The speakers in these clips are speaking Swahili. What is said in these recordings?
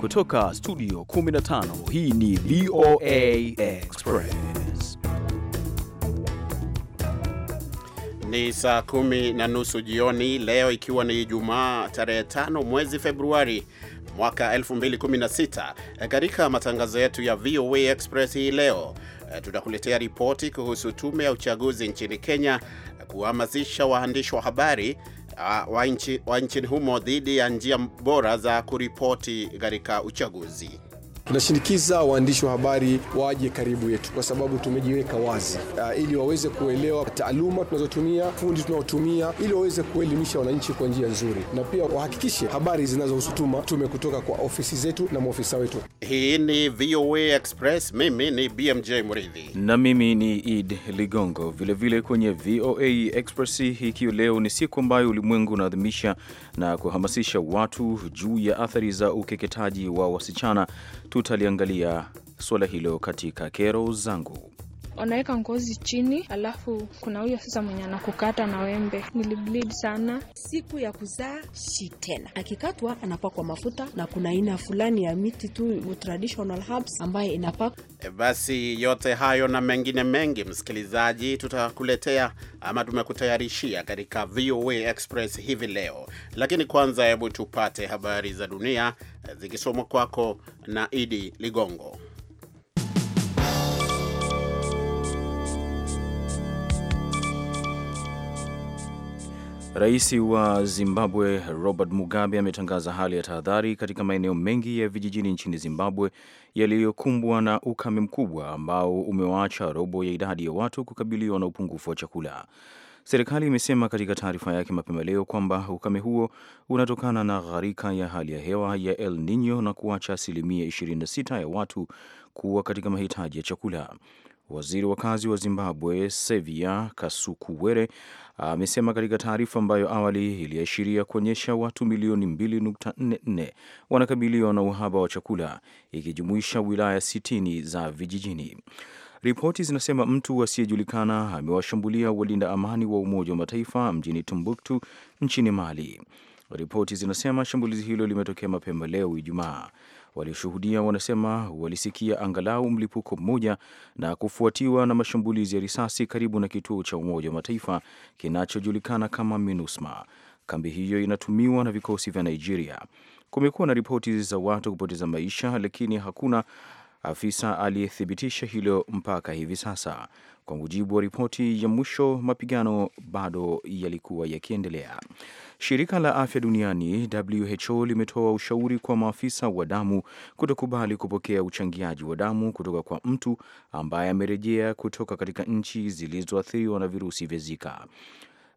Kutoka studio 15 hii ni VOA Express. Ni saa kumi na nusu jioni leo, ikiwa ni Ijumaa tarehe 5 mwezi Februari mwaka 2016. Katika matangazo yetu ya VOA Express hii leo tutakuletea ripoti kuhusu tume ya uchaguzi nchini Kenya kuhamasisha waandishi wa habari Ah, wa nchini humo dhidi ya njia bora za kuripoti katika uchaguzi. Tunashinikiza waandishi wa habari waje karibu yetu, kwa sababu tumejiweka wazi uh, ili waweze kuelewa taaluma tunazotumia, fundi tunaotumia, ili waweze kuelimisha wananchi kwa njia nzuri, na pia wahakikishe habari zinazohusutuma tume kutoka kwa ofisi zetu na maofisa wetu. Hii ni VOA Express, mimi ni BMJ Mridhi na mimi ni Id Ligongo, vilevile vile kwenye VOA Express. Ikiwa leo ni siku ambayo ulimwengu unaadhimisha na kuhamasisha watu juu ya athari za ukeketaji wa wasichana tutaliangalia suala hilo katika kero zangu. Wanaweka ngozi chini, alafu kuna huyo sasa mwenye anakukata na wembe. Nilibleed sana siku ya kuzaa shi tena, akikatwa anapakwa mafuta, na kuna aina fulani ya miti tu traditional herbs ambayo inapakwa. E, basi yote hayo na mengine mengi, msikilizaji, tutakuletea ama tumekutayarishia katika VOA Express hivi leo, lakini kwanza, hebu tupate habari za dunia zikisomwa kwako na Idi Ligongo. Rais wa Zimbabwe Robert Mugabe ametangaza hali ya tahadhari katika maeneo mengi ya vijijini nchini Zimbabwe yaliyokumbwa na ukame mkubwa ambao umewaacha robo ya idadi ya watu kukabiliwa na upungufu wa chakula. Serikali imesema katika taarifa yake mapema leo kwamba ukame huo unatokana na gharika ya hali ya hewa ya El Nino na kuacha asilimia 26 ya watu kuwa katika mahitaji ya chakula. Waziri wa kazi wa Zimbabwe Sevia Kasukuwere amesema katika taarifa ambayo awali iliashiria kuonyesha watu milioni 2.44 wanakabiliwa na uhaba wa chakula ikijumuisha wilaya 60 za vijijini. Ripoti zinasema mtu asiyejulikana amewashambulia walinda amani wa Umoja wa Mataifa mjini tumbuktu nchini Mali. Ripoti zinasema shambulizi hilo limetokea mapema leo Ijumaa. Walioshuhudia wanasema walisikia angalau mlipuko mmoja na kufuatiwa na mashambulizi ya risasi karibu na kituo cha Umoja wa Mataifa kinachojulikana kama MINUSMA. Kambi hiyo inatumiwa na vikosi vya Nigeria. Kumekuwa na ripoti za watu kupoteza maisha, lakini hakuna afisa aliyethibitisha hilo mpaka hivi sasa. Kwa mujibu wa ripoti ya mwisho, mapigano bado yalikuwa yakiendelea. Shirika la afya duniani WHO limetoa ushauri kwa maafisa wa damu kutokubali kupokea uchangiaji wa damu kutoka kwa mtu ambaye amerejea kutoka katika nchi zilizoathiriwa na virusi vya Zika.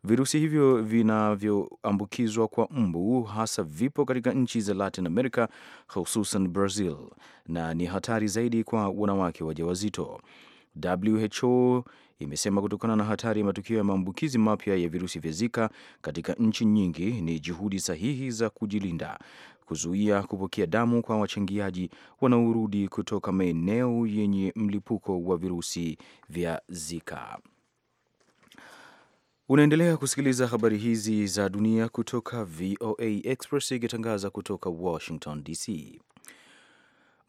Virusi hivyo vinavyoambukizwa kwa mbu hasa vipo katika nchi za Latin America, hususan Brazil, na ni hatari zaidi kwa wanawake wajawazito. WHO imesema kutokana na hatari ya matukio ya maambukizi mapya ya virusi vya Zika katika nchi nyingi, ni juhudi sahihi za kujilinda, kuzuia kupokea damu kwa wachangiaji wanaorudi kutoka maeneo yenye mlipuko wa virusi vya Zika. Unaendelea kusikiliza habari hizi za dunia kutoka VOA Express ikitangaza kutoka Washington DC.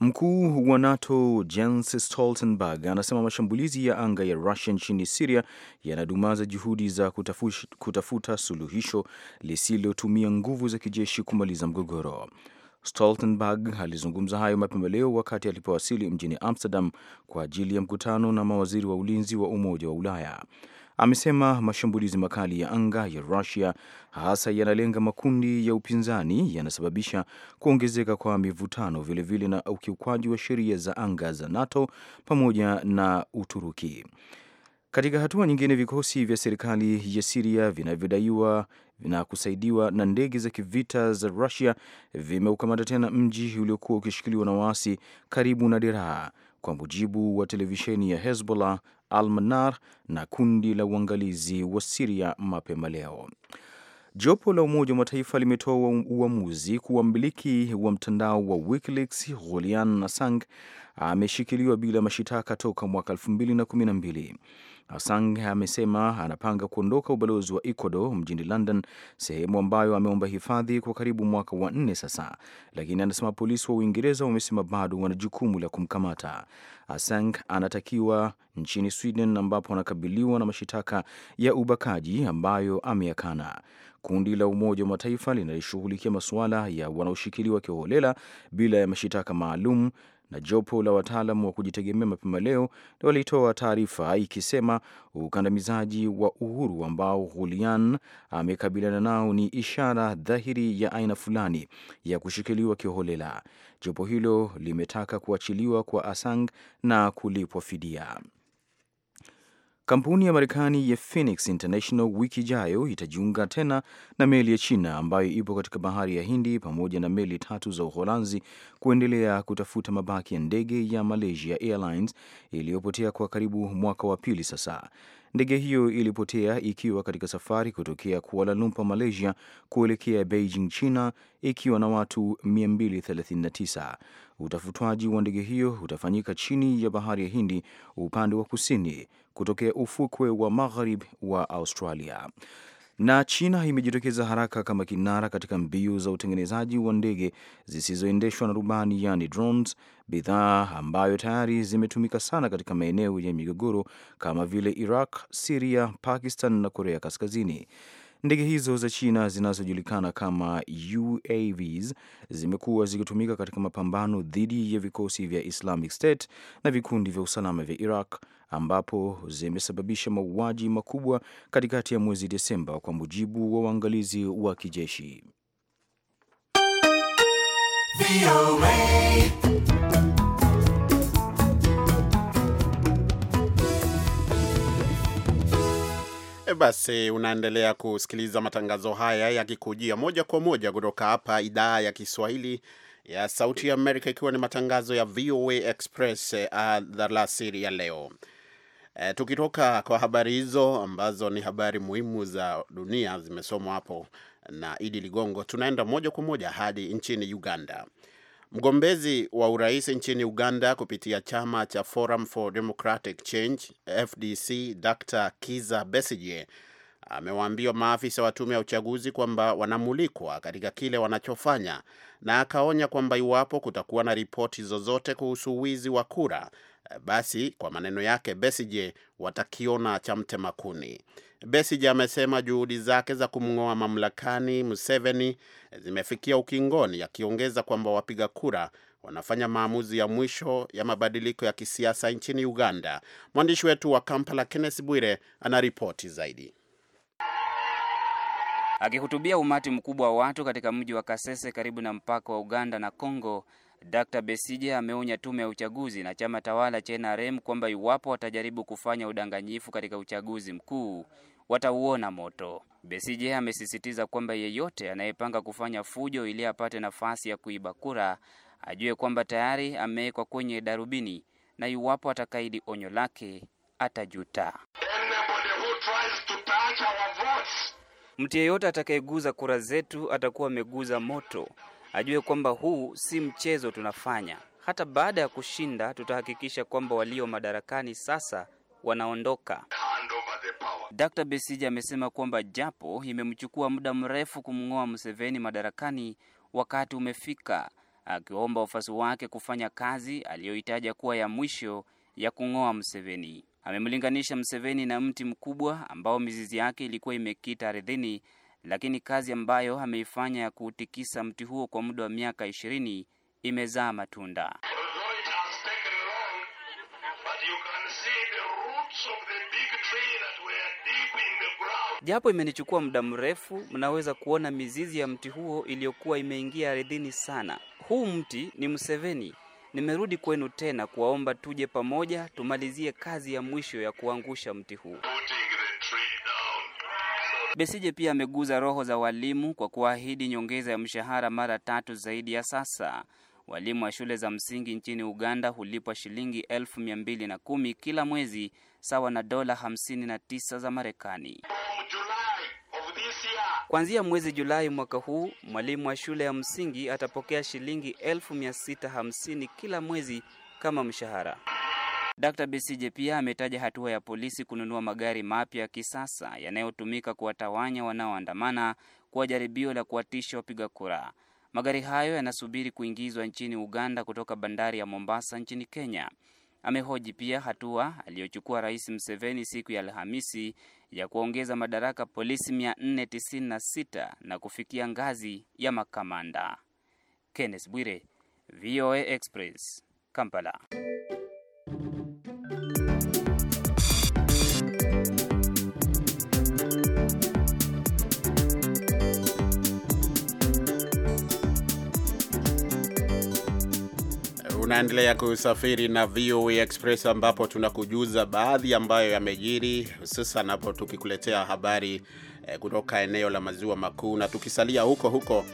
Mkuu wa NATO Jens Stoltenberg anasema mashambulizi ya anga ya russia nchini Siria yanadumaza juhudi za kutafush, kutafuta suluhisho lisilotumia nguvu za kijeshi kumaliza mgogoro. Stoltenberg alizungumza hayo mapema leo wakati alipowasili mjini Amsterdam kwa ajili ya mkutano na mawaziri wa ulinzi wa Umoja wa Ulaya amesema mashambulizi makali ya anga ya Rusia hasa yanalenga makundi ya upinzani yanasababisha kuongezeka kwa mivutano, vilevile na ukiukwaji wa sheria za anga za NATO pamoja na Uturuki. Katika hatua nyingine, vikosi vya serikali ya Siria vinavyodaiwa na kusaidiwa na ndege za kivita za Rusia vimeukamata tena mji uliokuwa ukishikiliwa na waasi karibu na Deraha, kwa mujibu wa televisheni ya Hezbollah al-Manar na kundi la uangalizi wa Siria mapema leo. Jopo la Umoja wa Mataifa limetoa uamuzi kuwa mmiliki wa mtandao wa WikiLeaks Julian Assange ameshikiliwa bila mashitaka toka mwaka 2012. Assange amesema anapanga kuondoka ubalozi wa Ecuador mjini London, sehemu ambayo ameomba hifadhi kwa karibu mwaka wa nne sasa, lakini anasema polisi wa Uingereza wamesema bado wana jukumu la kumkamata. asang anatakiwa nchini Sweden ambapo anakabiliwa na mashitaka ya ubakaji ambayo ameyakana. Kundi la Umoja wa Mataifa linalishughulikia masuala ya wanaoshikiliwa kiholela bila ya mashitaka maalum na jopo la wataalam wa kujitegemea mapema leo walitoa taarifa ikisema ukandamizaji wa uhuru ambao Ghulian amekabiliana nao ni ishara dhahiri ya aina fulani ya kushikiliwa kiholela. Jopo hilo limetaka kuachiliwa kwa Assange na kulipwa fidia. Kampuni ya Marekani ya Phoenix International wiki ijayo itajiunga tena na meli ya China ambayo ipo katika bahari ya Hindi pamoja na meli tatu za Uholanzi kuendelea kutafuta mabaki ya ndege ya Malaysia Airlines iliyopotea kwa karibu mwaka wa pili sasa. Ndege hiyo ilipotea ikiwa katika safari kutokea Kuala Lumpur, Malaysia kuelekea Beijing, China ikiwa na watu 239. Utafutwaji wa ndege hiyo utafanyika chini ya bahari ya Hindi upande wa kusini kutokea ufukwe wa magharibi wa Australia. Na China imejitokeza haraka kama kinara katika mbio za utengenezaji wa ndege zisizoendeshwa na rubani, yani drones, bidhaa ambayo tayari zimetumika sana katika maeneo ya migogoro kama vile Iraq, Siria, Pakistan na Korea Kaskazini. Ndege hizo za China zinazojulikana kama UAVs zimekuwa zikitumika katika mapambano dhidi ya vikosi vya Islamic State na vikundi vya usalama vya Iraq ambapo zimesababisha mauaji makubwa katikati ya mwezi Desemba kwa mujibu wa uangalizi wa kijeshi. E, basi unaendelea kusikiliza matangazo haya yakikujia moja kwa moja kutoka hapa idhaa ya Kiswahili ya Sauti ya Amerika, ikiwa ni matangazo ya VOA Express eh, alasiri ya leo. E, tukitoka kwa habari hizo ambazo ni habari muhimu za dunia zimesomwa hapo na Idi Ligongo, tunaenda moja kwa moja hadi nchini Uganda. Mgombezi wa urais nchini Uganda kupitia chama cha Forum for Democratic Change FDC, Dr. Kiza Besigye amewaambia maafisa wa tume ya uchaguzi kwamba wanamulikwa katika kile wanachofanya, na akaonya kwamba iwapo kutakuwa na ripoti zozote kuhusu wizi wa kura, basi kwa maneno yake Besigye, watakiona cha mtemakuni. Besigye amesema juhudi zake za kumng'oa mamlakani Museveni zimefikia ukingoni, akiongeza kwamba wapiga kura wanafanya maamuzi ya mwisho ya mabadiliko ya kisiasa nchini Uganda. Mwandishi wetu wa Kampala, Kenneth Bwire, ana ripoti zaidi. Akihutubia umati mkubwa wa watu katika mji wa Kasese karibu na mpaka wa Uganda na congo Dr. Besije ameonya tume ya uchaguzi na chama tawala cha NRM kwamba iwapo watajaribu kufanya udanganyifu katika uchaguzi mkuu, watauona moto. Besije amesisitiza kwamba yeyote anayepanga kufanya fujo ili apate nafasi ya kuiba kura ajue kwamba tayari amewekwa kwenye darubini na iwapo atakaidi onyo lake atajuta. Mtu yeyote atakayeguza kura zetu atakuwa ameguza moto. Ajue kwamba huu si mchezo tunafanya. Hata baada ya kushinda, tutahakikisha kwamba walio madarakani sasa wanaondoka. Dr. Besija amesema kwamba japo imemchukua muda mrefu kumng'oa Museveni madarakani, wakati umefika, akiwaomba wafuasi wake kufanya kazi aliyohitaja kuwa ya mwisho ya kung'oa Museveni. Amemlinganisha Museveni na mti mkubwa ambao mizizi yake ilikuwa imekita ardhini, lakini kazi ambayo ameifanya ya kuutikisa mti huo kwa muda wa miaka ishirini imezaa matunda. Japo imenichukua muda mrefu, mnaweza kuona mizizi ya mti huo iliyokuwa imeingia ardhini sana. Huu mti ni Museveni. Nimerudi kwenu tena kuwaomba tuje pamoja tumalizie kazi ya mwisho ya kuangusha mti huu. Besije pia ameguza roho za walimu kwa kuahidi nyongeza ya mshahara mara tatu zaidi ya sasa. Walimu wa shule za msingi nchini Uganda hulipwa shilingi elfu mia mbili na kumi kila mwezi sawa na dola 59 za Marekani. Kuanzia mwezi Julai mwaka huu, mwalimu wa shule ya msingi atapokea shilingi 1650 kila mwezi kama mshahara. Dr. Besije pia ametaja hatua ya polisi kununua magari mapya ya kisasa yanayotumika kuwatawanya wanaoandamana kuwa jaribio la kuwatisha wapiga kura. Magari hayo yanasubiri kuingizwa nchini Uganda kutoka bandari ya Mombasa nchini Kenya amehoji pia hatua aliyochukua Rais Mseveni siku ya Alhamisi ya kuongeza madaraka polisi 496 na kufikia ngazi ya makamanda. Kenneth Bwire, VOA Express, Kampala. Unaendelea kusafiri na VOA Express ambapo tunakujuza baadhi ambayo yamejiri, hususan hapo tukikuletea habari eh, kutoka eneo la maziwa makuu. Na tukisalia huko huko,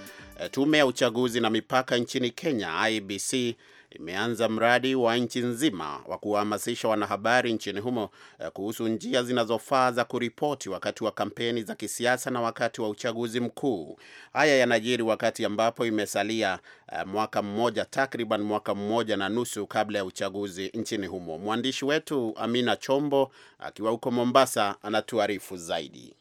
eh, tume ya uchaguzi na mipaka nchini Kenya IBC imeanza mradi wa nchi nzima wa kuwahamasisha wanahabari nchini humo eh, kuhusu njia zinazofaa za kuripoti wakati wa kampeni za kisiasa na wakati wa uchaguzi mkuu. Haya yanajiri wakati ambapo imesalia eh, mwaka mmoja, takriban mwaka mmoja na nusu kabla ya uchaguzi nchini humo. Mwandishi wetu Amina Chombo akiwa huko Mombasa anatuarifu zaidi.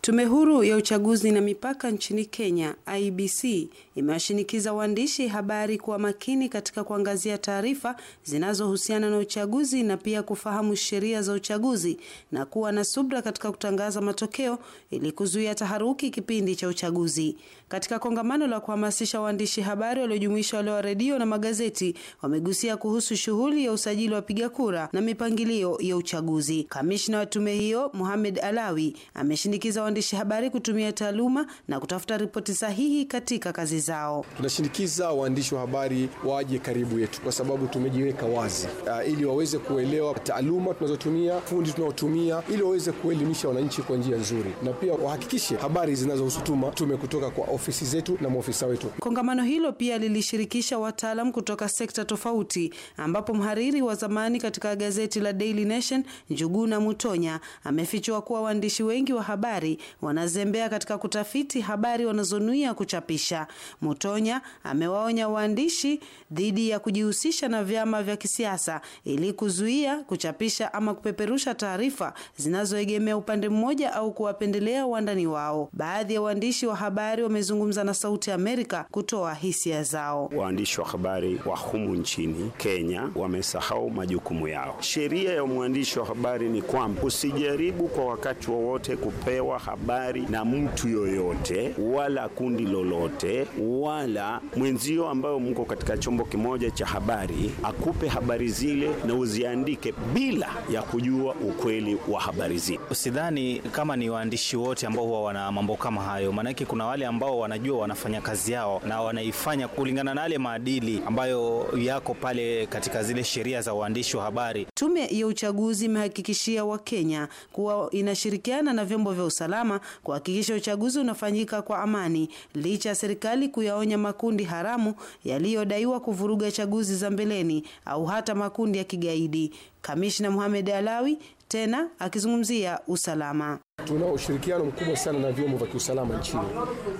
Tume huru ya uchaguzi na mipaka nchini Kenya IBC imewashinikiza waandishi habari kuwa makini katika kuangazia taarifa zinazohusiana na uchaguzi na pia kufahamu sheria za uchaguzi na kuwa na subra katika kutangaza matokeo ili kuzuia taharuki kipindi cha uchaguzi. Katika kongamano la kuhamasisha waandishi habari waliojumuisha wale wa redio na magazeti, wamegusia kuhusu shughuli ya usajili wa piga kura na mipangilio ya uchaguzi. Kamishna wa tume hiyo Mohamed Alawi ameshinikiza waandishi habari kutumia taaluma na kutafuta ripoti sahihi katika kazi zao. Tunashinikiza waandishi wa habari waje karibu yetu, kwa sababu tumejiweka wazi uh, ili waweze kuelewa taaluma tunazotumia, fundi tunaotumia, ili waweze kuelimisha wananchi kwa njia nzuri, na pia wahakikishe habari zinazohusutuma tume kutoka kwa ofisi zetu na maofisa wetu. Kongamano hilo pia lilishirikisha wataalam kutoka sekta tofauti, ambapo mhariri wa zamani katika gazeti la Daily Nation Njuguna Mutonya amefichua kuwa waandishi wengi wa habari wanazembea katika kutafiti habari wanazonuia kuchapisha. Motonya amewaonya waandishi dhidi ya kujihusisha na vyama vya kisiasa ili kuzuia kuchapisha ama kupeperusha taarifa zinazoegemea upande mmoja au kuwapendelea wandani wao. Baadhi ya waandishi wa habari wamezungumza na Sauti Amerika kutoa hisia zao. Waandishi wa habari wa humu nchini Kenya wamesahau majukumu yao. Sheria ya mwandishi wa habari ni kwamba usijaribu kwa wakati wowote wa kupewa habari na mtu yoyote wala kundi lolote wala mwenzio ambayo mko katika chombo kimoja cha habari akupe habari zile na uziandike bila ya kujua ukweli wa habari zile. Usidhani kama ni waandishi wote ambao huwa wana mambo kama hayo, maanake kuna wale ambao wanajua wanafanya kazi yao na wanaifanya kulingana na yale maadili ambayo yako pale katika zile sheria za uandishi wa habari. Tume ya uchaguzi imehakikishia Wakenya kuwa inashirikiana na vyombo vya usalama usalama kuhakikisha uchaguzi unafanyika kwa amani licha ya serikali kuyaonya makundi haramu yaliyodaiwa kuvuruga chaguzi za mbeleni au hata makundi ya kigaidi. Kamishna Mohamed Alawi tena akizungumzia usalama Tuna ushirikiano mkubwa sana na vyombo vya kiusalama nchini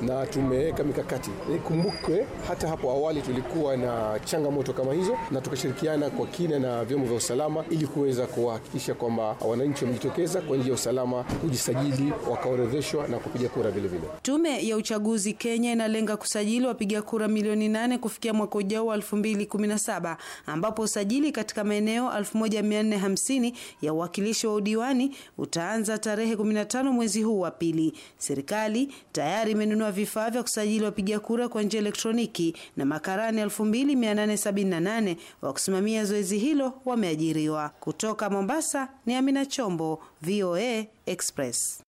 na tumeweka mikakati. ikumbukwe hata hapo awali tulikuwa na changamoto kama hizo, na tukashirikiana kwa kina na vyombo vya usalama ili kuweza kuhakikisha kwamba wananchi wamejitokeza kwa njia ya usalama kujisajili, wakaorodheshwa na kupiga kura vilevile. Tume ya uchaguzi Kenya inalenga kusajili wapiga kura milioni nane kufikia mwaka ujao wa 2017 ambapo usajili katika maeneo 1450 ya uwakilishi wa udiwani utaanza tarehe 15 mwezi huu wa pili. Serikali tayari imenunua vifaa vya kusajili wapiga kura kwa njia elektroniki na makarani 2878 wa kusimamia zoezi hilo wameajiriwa. Kutoka Mombasa ni Amina Chombo, VOA Express.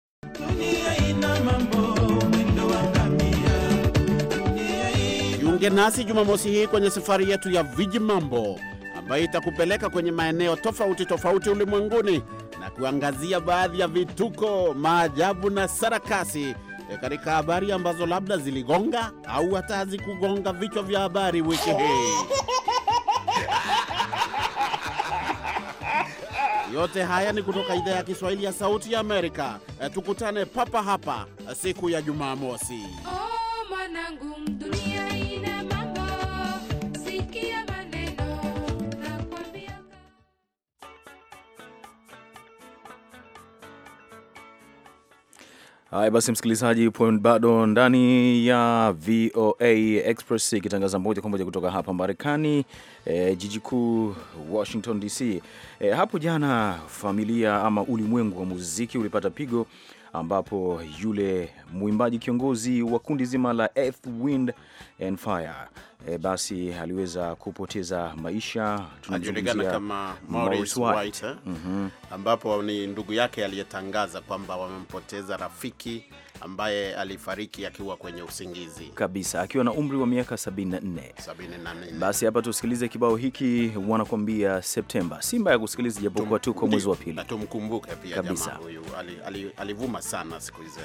Jiunge nasi Jumamosi hii kwenye safari yetu ya vijimambo ambayo itakupeleka kwenye maeneo tofauti tofauti ulimwenguni na kuangazia baadhi ya vituko, maajabu na sarakasi e, katika habari ambazo labda ziligonga au hata hazikugonga vichwa vya habari wiki hii. Yote haya ni kutoka idhaa ya Kiswahili ya Sauti ya Amerika. E, tukutane papa hapa siku ya Jumamosi. Oh, Haya basi, msikilizaji, bado ndani ya VOA Express ikitangaza moja kwa moja kutoka hapa Marekani, e, jiji kuu Washington DC. E, eh, hapo jana familia ama ulimwengu wa muziki ulipata pigo ambapo yule mwimbaji kiongozi wa kundi zima la Earth, Wind and Fire e, basi aliweza kupoteza maisha. Tunajulikana kama Morris White, White, mm -hmm. ambapo ni ndugu yake aliyetangaza kwamba wamempoteza rafiki ambaye alifariki akiwa kwenye usingizi kabisa akiwa na umri wa miaka 74. 74. Basi hapa tusikilize kibao hiki, wanakuambia Septemba. Si mbaya kusikiliza, japokuwa tuko mwezi wa pili. Tumkumbuke pia jamaa huyu, alivuma sana siku hizi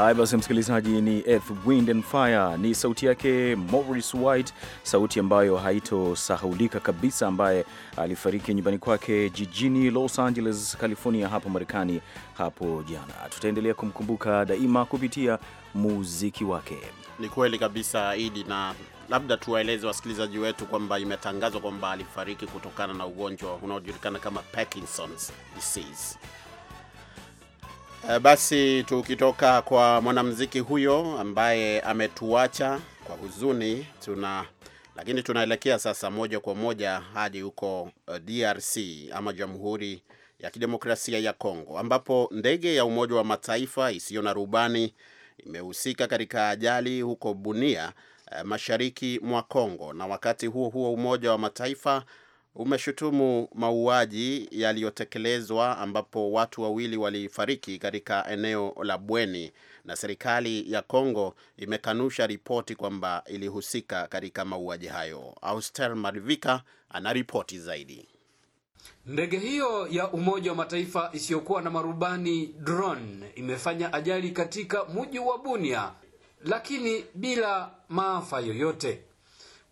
Haya basi, msikilizaji, ni Earth, Wind and Fire, ni sauti yake Morris White, sauti ambayo haitosahaulika kabisa, ambaye alifariki nyumbani kwake jijini Los Angeles, California, hapa Marekani hapo jana. Tutaendelea kumkumbuka daima kupitia muziki wake. Ni kweli kabisa, Idi, na labda tuwaeleze wasikilizaji wetu kwamba imetangazwa kwamba alifariki kutokana na ugonjwa unaojulikana kama Parkinson's disease. Eh, basi tukitoka kwa mwanamuziki huyo ambaye ametuacha kwa huzuni, tuna lakini tunaelekea sasa moja kwa moja hadi huko eh, DRC ama Jamhuri ya Kidemokrasia ya Kongo ambapo ndege ya Umoja wa Mataifa isiyo na rubani imehusika katika ajali huko Bunia, eh, mashariki mwa Kongo. Na wakati huo huo Umoja wa Mataifa umeshutumu mauaji yaliyotekelezwa ambapo watu wawili walifariki katika eneo la Bweni na serikali ya Kongo imekanusha ripoti kwamba ilihusika katika mauaji hayo. Auster marivika ana ripoti zaidi. Ndege hiyo ya Umoja wa Mataifa isiyokuwa na marubani drone imefanya ajali katika mji wa Bunia, lakini bila maafa yoyote.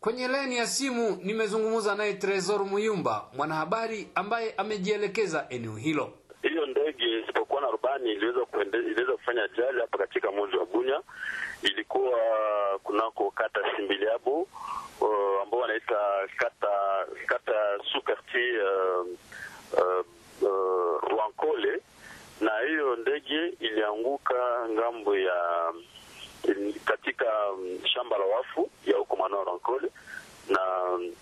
Kwenye laini ya simu nimezungumza naye Tresor Muyumba, mwanahabari ambaye amejielekeza eneo hilo. Hiyo ndege isipokuwa na rubani iliweza kuende, iliweza kufanya ajali hapa katika mji wa Bunya, ilikuwa kunako kata Simbiliabu uh, ambao wanaita kata kata sukarti uh, um, uh, um, uh, um, Wankole, na hiyo ndege ilianguka ngambo ya katika um, shamba la wafu ya huko Manoro Nkole, na um,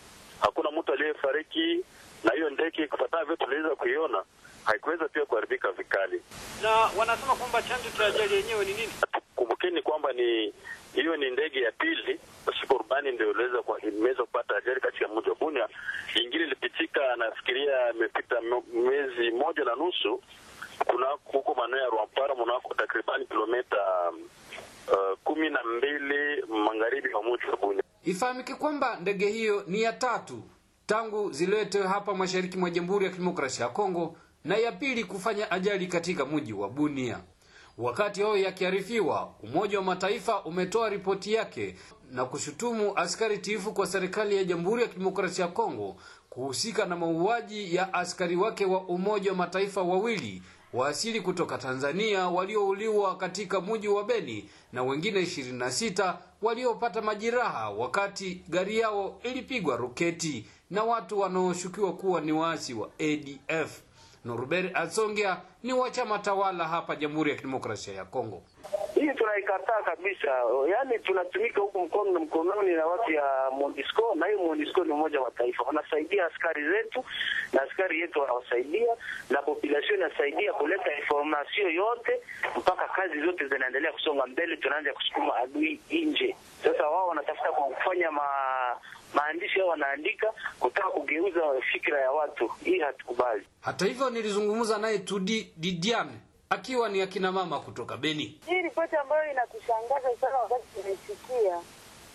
hakuna mtu aliyefariki, na hiyo ndege kufatana vile tuliweza kuiona haikuweza pia kuharibika vikali. Na wanasema kwamba chanzo cha ajali yenyewe ni nini? Kumbukeni kwamba ni hiyo ni ndege ya pili usiku urbani ndio iliweza imeweza kupata ajali katika mji wa Bunia. Ingine ilipitika, nafikiria imepita mwezi moja na nusu kuna huko maeneo ya Rwampara munako takribani kilomita uh, kumi na mbili magharibi mwa mji wa Bunia. Ifahamike kwamba ndege hiyo ni ya tatu tangu ziletwe hapa mashariki mwa Jamhuri ya Kidemokrasia ya Kongo na ya pili kufanya ajali katika mji wa Bunia. Wakati hayo yakiarifiwa, Umoja wa Mataifa umetoa ripoti yake na kushutumu askari tiifu kwa serikali ya Jamhuri ya Kidemokrasia ya Kongo kuhusika na mauaji ya askari wake wa Umoja wa Mataifa wawili wa asili kutoka Tanzania waliouliwa katika mji wa Beni na wengine 26 waliopata majeraha wakati gari yao ilipigwa roketi na watu wanaoshukiwa kuwa ni waasi wa ADF. Norbert Asongia ni wa chama tawala hapa Jamhuri ya Kidemokrasia ya Kongo. Hii tunaikataa kabisa, yaani tunatumika huku mkono na mkononi na watu ya mondisco na hiyo mondisco ni Umoja wa Taifa, wanasaidia askari zetu na askari yetu wanawasaidia, na population inasaidia kuleta information yote, mpaka kazi zote zinaendelea kusonga mbele. Tunaanza kusukuma adui nje, sasa wao wanatafuta kwa kufanya ma maandishi yao wanaandika kutaka kugeuza fikira ya watu. Hii hatukubali. Hata hivyo, nilizungumza naye Tudi Didiane akiwa ni akina mama kutoka Beni. Hii ripoti ambayo inakushangaza sana wakati tunaisikia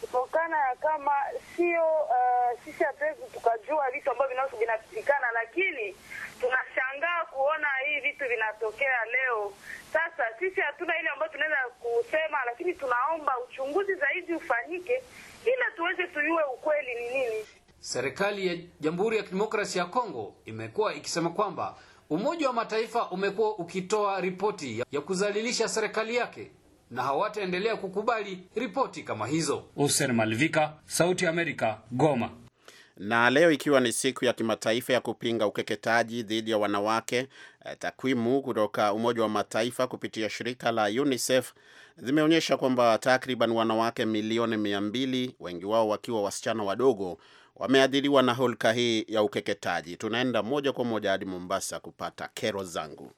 kutokana ya kama sio uh, sisi hatuwezi tukajua vitu ambavyo vinapitikana lakini tunashangaa kuona hii vitu vinatokea leo. Sasa sisi hatuna ile ambayo tunaweza kusema, lakini tunaomba uchunguzi zaidi ufanyike ili tuweze tujue ukweli ni nini. Serikali ya Jamhuri ya Kidemokrasia ya Kongo imekuwa ikisema kwamba Umoja wa Mataifa umekuwa ukitoa ripoti ya kuzalilisha serikali yake na hawataendelea kukubali ripoti kama hizo. Malvika, Sauti ya Amerika, Goma. Na leo ikiwa ni siku ya kimataifa ya kupinga ukeketaji dhidi ya wanawake, eh, takwimu kutoka Umoja wa Mataifa kupitia shirika la UNICEF zimeonyesha kwamba takriban wanawake milioni mia mbili, wengi wao wakiwa wasichana wadogo, wameathiriwa na hulka hii ya ukeketaji. Tunaenda moja kwa moja hadi Mombasa kupata kero zangu.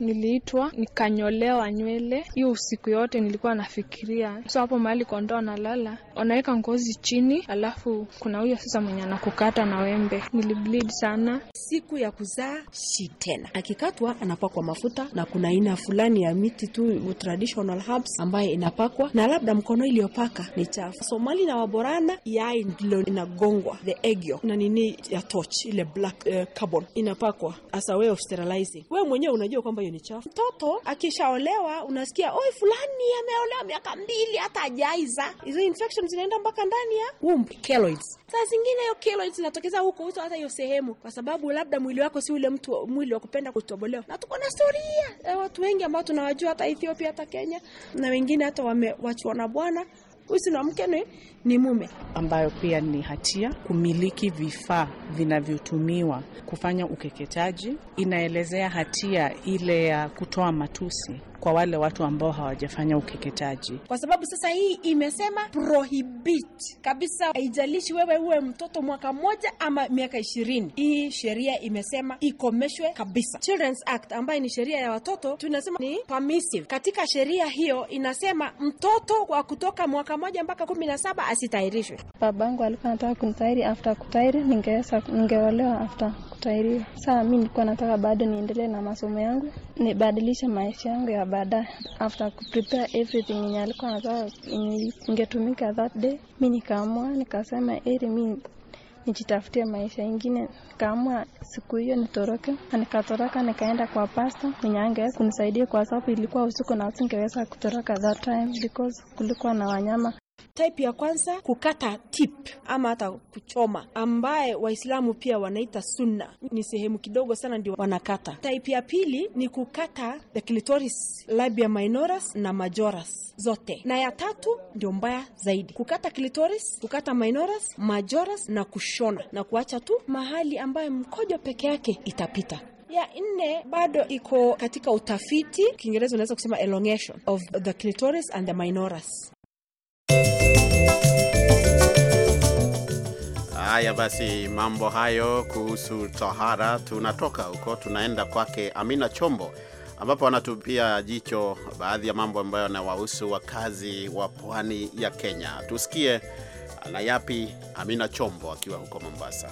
Niliitwa nikanyolewa nywele. Hiyo usiku yote nilikuwa nafikiria, so hapo mahali kondoo analala wanaweka ngozi chini, alafu kuna huyo sasa mwenye anakukata na wembe. Nilibleed sana. Siku ya kuzaa shi tena, akikatwa anapakwa mafuta, na kuna aina fulani ya miti tu traditional herbs ambayo inapakwa, na labda mkono iliyopaka ni chafu. Somali na Waborana yai ndilo inagongwa, the egyo na nini ya torch ile black uh, carbon inapakwa as a way of sterilizing. Wewe mwenyewe unajua kwamba hiyo ni chafu. Mtoto akishaolewa unasikia oi, fulani ameolewa miaka mbili hata ajaiza. Hizo infection zinaenda mpaka ndani ya womb. Keloids saa zingine hiyo keloids inatokeza huko huko, hata hiyo sehemu, kwa sababu labda mwili wako si ule mtu mwili wa kupenda kutobolewa. Na tuko na storia watu wengi ambao tunawajua hata Ethiopia, hata Kenya na wengine hata wamewachwa na Bwana huyu si mke ni, ni mume, ambayo pia ni hatia kumiliki vifaa vinavyotumiwa kufanya ukeketaji. Inaelezea hatia ile ya kutoa matusi kwa wale watu ambao hawajafanya ukeketaji, kwa sababu sasa hii imesema prohibit kabisa, haijalishi wewe uwe mtoto mwaka mmoja ama miaka ishirini. Hii sheria imesema ikomeshwe kabisa. Children's Act ambayo ni sheria ya watoto tunasema ni permissive. Katika sheria hiyo inasema mtoto wa kutoka mwaka mmoja mpaka kumi na saba asitahirishwe. Babangu alikuwa anataka kunitairi, after kutairi ningeweza ningeolewa after kutairiwa. Saa mi nilikuwa nataka bado niendelee na masomo yangu, nibadilishe maisha yangu ya baadaye, after kuprepare everything yenye alikuwa anataka ingetumika that day, mi nikaamua nikasema eri mi nijitafutie maisha ingine. Nikaamua siku hiyo nitoroke, nikatoroka nikaenda kwa pasta mwenye angeweza kunisaidia, kwa sababu ilikuwa usiku na singeweza kutoroka that time because kulikuwa na wanyama Type ya kwanza kukata tip ama hata kuchoma, ambaye Waislamu pia wanaita sunna, ni sehemu kidogo sana ndio wanakata. Type ya pili ni kukata the clitoris, labia minoris na majoras zote, na ya tatu ndio mbaya zaidi, kukata clitoris, kukata minoris, majoras na kushona na kuacha tu mahali ambaye mkojo peke yake itapita. Ya nne bado iko katika utafiti, Kiingereza unaweza kusema elongation of the clitoris and the minoris. Haya basi, mambo hayo kuhusu tahara. Tunatoka huko tunaenda kwake Amina Chombo, ambapo anatupia jicho baadhi ya mambo ambayo yanawahusu wakazi wa pwani ya Kenya. Tusikie ana yapi Amina Chombo akiwa huko Mombasa.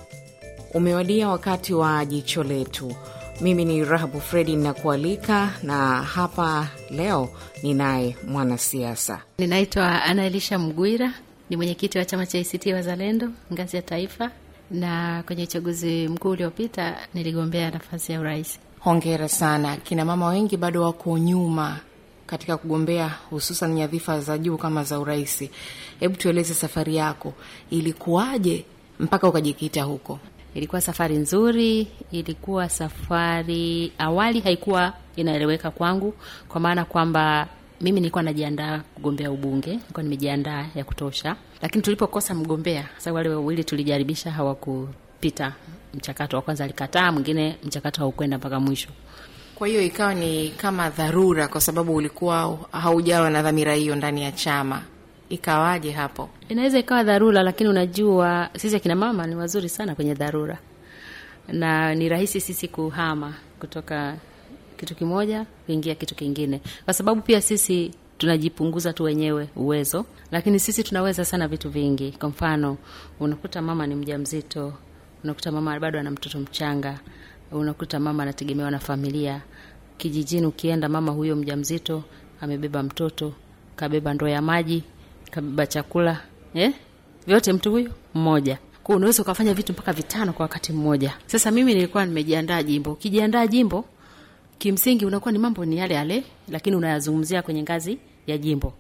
Umewadia wakati wa jicho letu. Mimi ni Rahabu Fredi ninakualika, na hapa leo ninaye mwanasiasa. Ninaitwa Anaelisha Mgwira, ni mwenyekiti wa chama cha ACT Wazalendo ngazi ya taifa, na kwenye uchaguzi mkuu uliopita niligombea nafasi ya urais. Hongera sana. Kina mama wengi bado wako nyuma katika kugombea hususan nyadhifa za juu kama za urahisi Hebu tueleze safari yako ilikuwaje mpaka ukajikita huko? Ilikuwa safari nzuri, ilikuwa safari awali haikuwa inaeleweka kwangu, kwa maana kwamba mimi nilikuwa najiandaa kugombea ubunge, nilikuwa nimejiandaa ya kutosha, lakini tulipokosa mgombea, sasa wale wawili tulijaribisha, hawakupita mchakato wa kwanza, alikataa mwingine, mchakato haukwenda mpaka mwisho. Kwa hiyo ikawa ni kama dharura, kwa sababu ulikuwa haujawa na dhamira hiyo ndani ya chama ikawaje hapo? Inaweza ikawa dharura, lakini unajua sisi akina mama ni wazuri sana kwenye dharura, na ni rahisi sisi kuhama kutoka kitu kimoja kuingia kitu kingine, kwa sababu pia sisi tunajipunguza tu wenyewe uwezo, lakini sisi tunaweza sana vitu vingi. Kwa mfano, unakuta mama ni mjamzito, unakuta mama bado ana mtoto mchanga, unakuta mama anategemewa na familia. Kijijini ukienda, mama huyo mjamzito amebeba mtoto, kabeba ndoo ya maji kabeba chakula eh? vyote mtu huyo mmoja kwa unaweza ukafanya vitu mpaka vitano kwa wakati mmoja sasa mimi nilikuwa nimejiandaa jimbo ukijiandaa jimbo kimsingi unakuwa ni mambo ni yale yale lakini unayazungumzia kwenye ngazi ya jimbo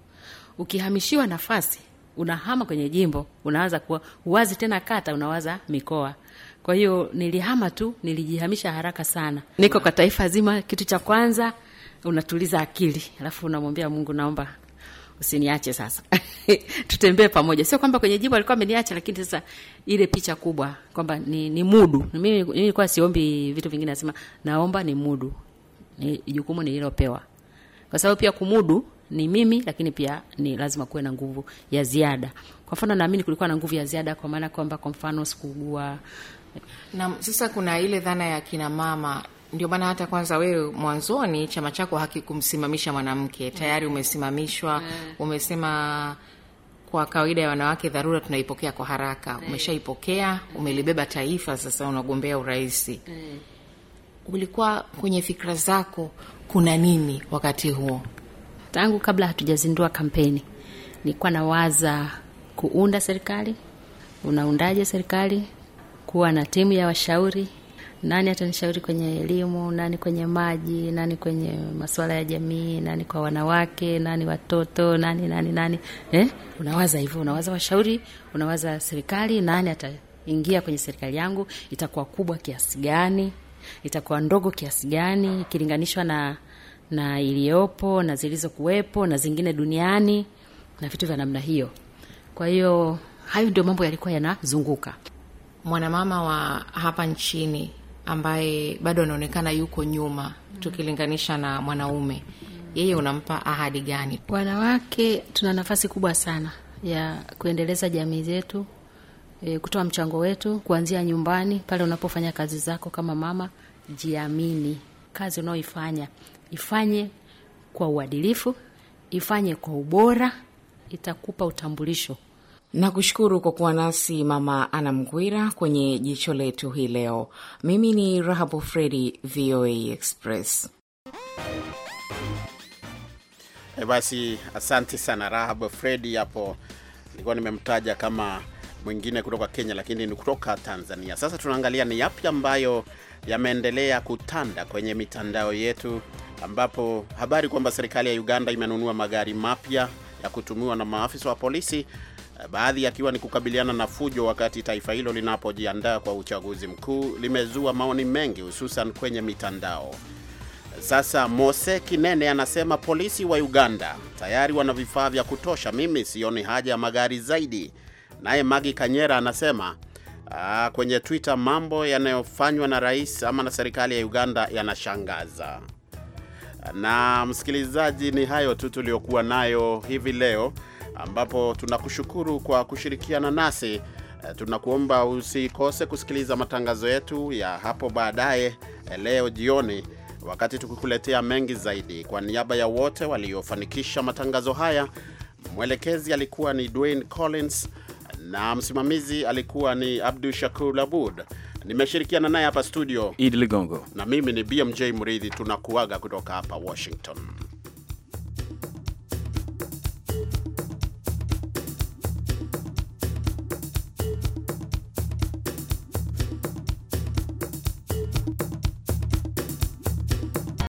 ukihamishiwa nafasi unahama kwenye jimbo unawaza kuwa uwazi tena kata unawaza mikoa kwa hiyo nilihama tu nilijihamisha haraka sana niko kwa taifa zima kitu cha kwanza unatuliza akili alafu unamwambia mungu naomba usiniache sasa tutembee pamoja. Sio kwamba kwenye jibu alikuwa ameniacha, lakini sasa ile picha kubwa kwamba ni, ni mudu. Mimi nilikuwa siombi vitu vingine, nasema naomba ni mudu, ni jukumu nililopewa, kwa sababu pia kumudu ni mimi, lakini pia ni lazima kuwe na nguvu ya ziada. Kwa mfano, naamini kulikuwa na nguvu ya ziada, kwa maana kwamba, kwa mfano, sikuugua na sasa kuna ile dhana ya kina mama ndio maana hata kwanza wewe mwanzoni chama chako hakikumsimamisha mwanamke, tayari mm. umesimamishwa. Mm. Umesema kwa kawaida ya wanawake dharura tunaipokea kwa haraka, mm. umeshaipokea, umelibeba taifa, sasa unagombea urahisi Ulikuwa kwenye fikra zako kuna nini wakati huo? Tangu kabla hatujazindua kampeni, nilikuwa nawaza kuunda serikali. Unaundaje serikali? Kuwa na timu ya washauri nani atanishauri kwenye elimu, nani kwenye maji, nani kwenye masuala ya jamii, nani kwa wanawake, nani watoto, nani nani nani eh? Unawaza hivyo, unawaza washauri, unawaza serikali, nani ataingia kwenye serikali yangu, itakuwa kubwa kiasi gani, itakuwa ndogo kiasi gani ikilinganishwa na na iliyopo na zilizokuwepo na zingine duniani na vitu vya namna hiyo. Kwa hiyo hayo ndio mambo yalikuwa yanazunguka mwanamama wa hapa nchini ambaye bado anaonekana yuko nyuma tukilinganisha na mwanaume, yeye unampa ahadi gani? Wanawake tuna nafasi kubwa sana ya kuendeleza jamii zetu, e, kutoa mchango wetu kuanzia nyumbani, pale unapofanya kazi zako kama mama. Jiamini, kazi unaoifanya ifanye kwa uadilifu, ifanye kwa ubora, itakupa utambulisho Nakushukuru kwa kuwa nasi Mama Ana Mgwira kwenye jicho letu hii leo. Mimi ni Rahabu Fredi, VOA Express. E, basi asante sana Rahabu Fredi. Hapo nilikuwa nimemtaja kama mwingine kutoka Kenya, lakini ni kutoka Tanzania. Sasa tunaangalia ni yapi ambayo yameendelea kutanda kwenye mitandao yetu, ambapo habari kwamba serikali ya Uganda imenunua magari mapya ya kutumiwa na maafisa wa polisi baadhi akiwa ni kukabiliana na fujo wakati taifa hilo linapojiandaa kwa uchaguzi mkuu, limezua maoni mengi, hususan kwenye mitandao. Sasa Mose Kinene anasema polisi wa Uganda tayari wana vifaa vya kutosha, mimi sioni haja ya magari zaidi. Naye Magi Kanyera anasema aa, ah, kwenye Twitter mambo yanayofanywa na rais ama na serikali ya Uganda yanashangaza. Na msikilizaji, ni hayo tu tuliokuwa nayo hivi leo ambapo tunakushukuru kwa kushirikiana nasi. Eh, tunakuomba usikose kusikiliza matangazo yetu ya hapo baadaye eh, leo jioni, wakati tukikuletea mengi zaidi. Kwa niaba ya wote waliofanikisha matangazo haya, mwelekezi alikuwa ni Dwayne Collins na msimamizi alikuwa ni Abdu Shakur Abud. Nimeshirikiana naye hapa studio Idi Ligongo, na mimi ni BMJ mridhi Tunakuaga kutoka hapa Washington.